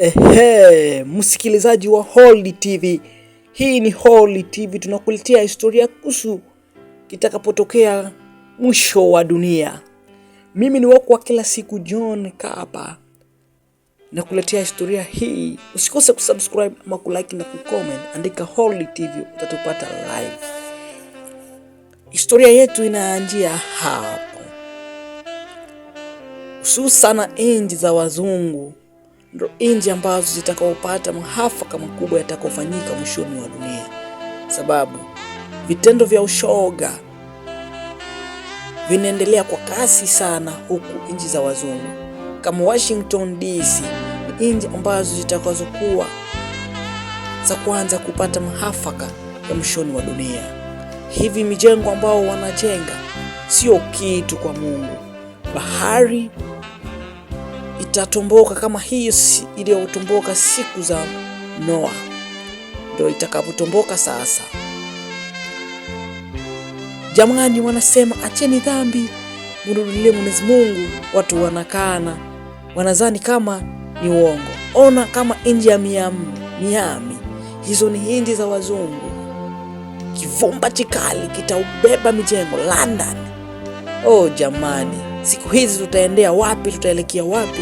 Ehe, msikilizaji wa Holy TV, hii ni Holy TV, tunakuletea historia kuhusu kitakapotokea mwisho wa dunia. Mimi ni wako wa kila siku John Kapa, nakuletea historia hii. Usikose kusubscribe ama kulike na kucomment, andika Holy TV utatupata live. Historia yetu inaanzia hapo, hususana enzi za wazungu ndo nji ambazo zitakaopata mahafaka makubwa yatakaofanyika mwishoni wa dunia, sababu vitendo vya ushoga vinaendelea kwa kasi sana huku nchi za wazungu kama Washington DC ni nchi ambazo zitakazokuwa za kwanza kupata mahafaka ya mwishoni wa dunia. Hivi mijengo ambao wanajenga sio kitu kwa Mungu, bahari itatumbuka kama hiyo iliyotomboka siku za Noa, ndio itakapotomboka sasa. Jamani, wanasema acheni dhambi mrudilie Mwenyezi Mungu. Watu wanakana wanazani kama ni uongo. Ona kama inji ya Miami, Miami hizo ni hindi za wazungu, kivumba chikali kitaubeba mijengo London. Oh jamani siku hizi tutaendea wapi? Tutaelekea wapi?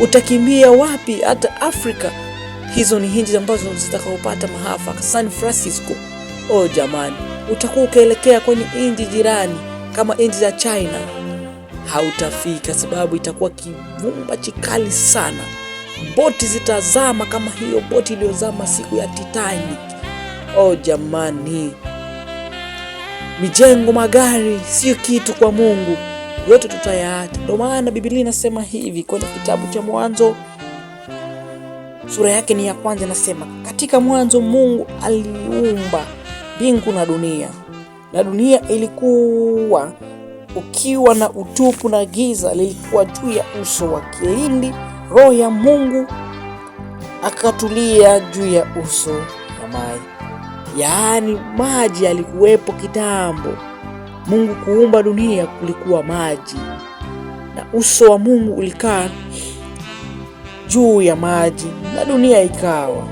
Utakimbia wapi? Hata Afrika hizo ni hinji ambazo zitakaopata mahafaka. San Francisco, oh jamani, utakuwa ukielekea kwenye inji jirani kama inji za China, hautafika sababu itakuwa kivumba chikali sana. Boti zitazama kama hiyo boti iliyozama siku ya Titanic. Oh jamani, mijengo, magari sio kitu kwa Mungu yote tutayaacha. Ndio maana Biblia inasema hivi kwenye kitabu cha Mwanzo sura yake ni ya kwanza, inasema katika mwanzo Mungu aliumba mbingu na dunia, na dunia ilikuwa ukiwa na utupu na giza lilikuwa juu ya uso wa kilindi, Roho ya Mungu akatulia juu ya uso wa maji. Yaani maji yalikuwepo kitambo Mungu kuumba dunia kulikuwa maji, na uso wa Mungu ulikaa juu ya maji na dunia ikawa.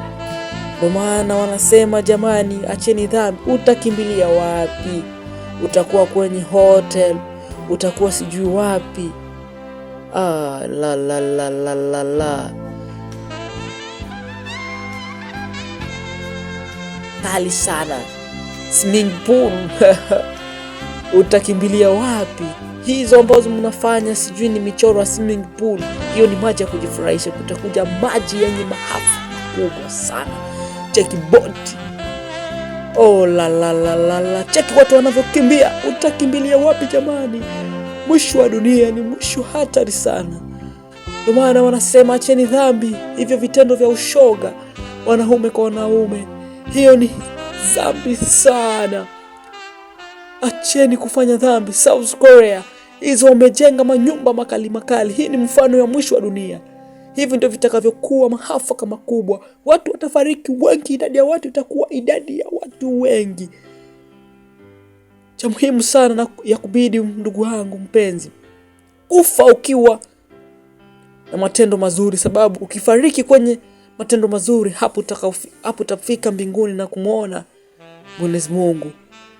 Ndio maana wanasema jamani, acheni dhambi. Utakimbilia wapi? Utakuwa kwenye hotel, utakuwa sijui wapi. Ah, la, la, la, la, la, la. Kali sana swimming pool utakimbilia wapi? Hizo ambazo mnafanya sijui ni michoro ya swimming pool, hiyo ni maji ya kujifurahisha. Kutakuja maji yenye mahafu kubwa sana. Cheki boti, oh la la la la la, cheki watu wanavyokimbia. Utakimbilia wapi jamani? Mwisho wa dunia ni mwisho hatari sana. Ndio maana wanasema acheni dhambi, hivyo vitendo vya ushoga, wanaume kwa wanaume, hiyo ni dhambi sana. Acheni kufanya dhambi. South Korea hizo wamejenga manyumba makali makali. Hii ni mfano ya mwisho wa dunia. Hivi ndio vitakavyokuwa mahafaka makubwa, watu watafariki wengi, idadi ya watu itakuwa idadi ya watu wengi. Cha muhimu sana na ya kubidi, ndugu wangu mpenzi, kufa ukiwa na matendo mazuri, sababu ukifariki kwenye matendo mazuri, hapo utafika mbinguni na kumwona Mwenyezi Mungu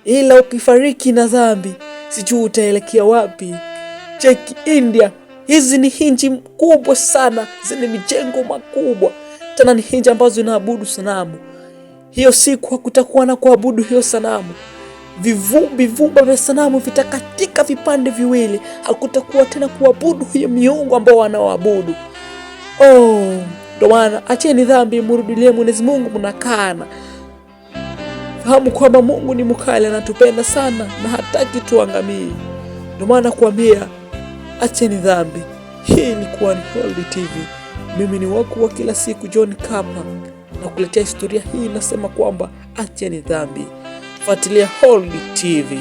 ila ukifariki na dhambi sijui utaelekea wapi. Cheki India, hizi ni hinji kubwa sana zenye mijengo makubwa, tena ni hinji ambazo inaabudu sanamu. Hiyo siku hakutakuwa na kuabudu hiyo sanamu, vivumba vya sanamu vitakatika vipande viwili. Hakutakuwa tena kuabudu hiyo miungu ambao wanaoabudu. Oh, ndo maana acheni dhambi, murudilie Mwenyezi Mungu, mnakana fahamu kwamba Mungu ni mkali, anatupenda sana na hataki tuangamie. Ndio maana nakuambia acheni dhambi. Hii ilikuwa ni Holy TV, mimi ni wako wa kila siku John Kapa, na kuletea historia hii inasema kwamba acheni dhambi. Fuatilia Holy TV.